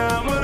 I'm now.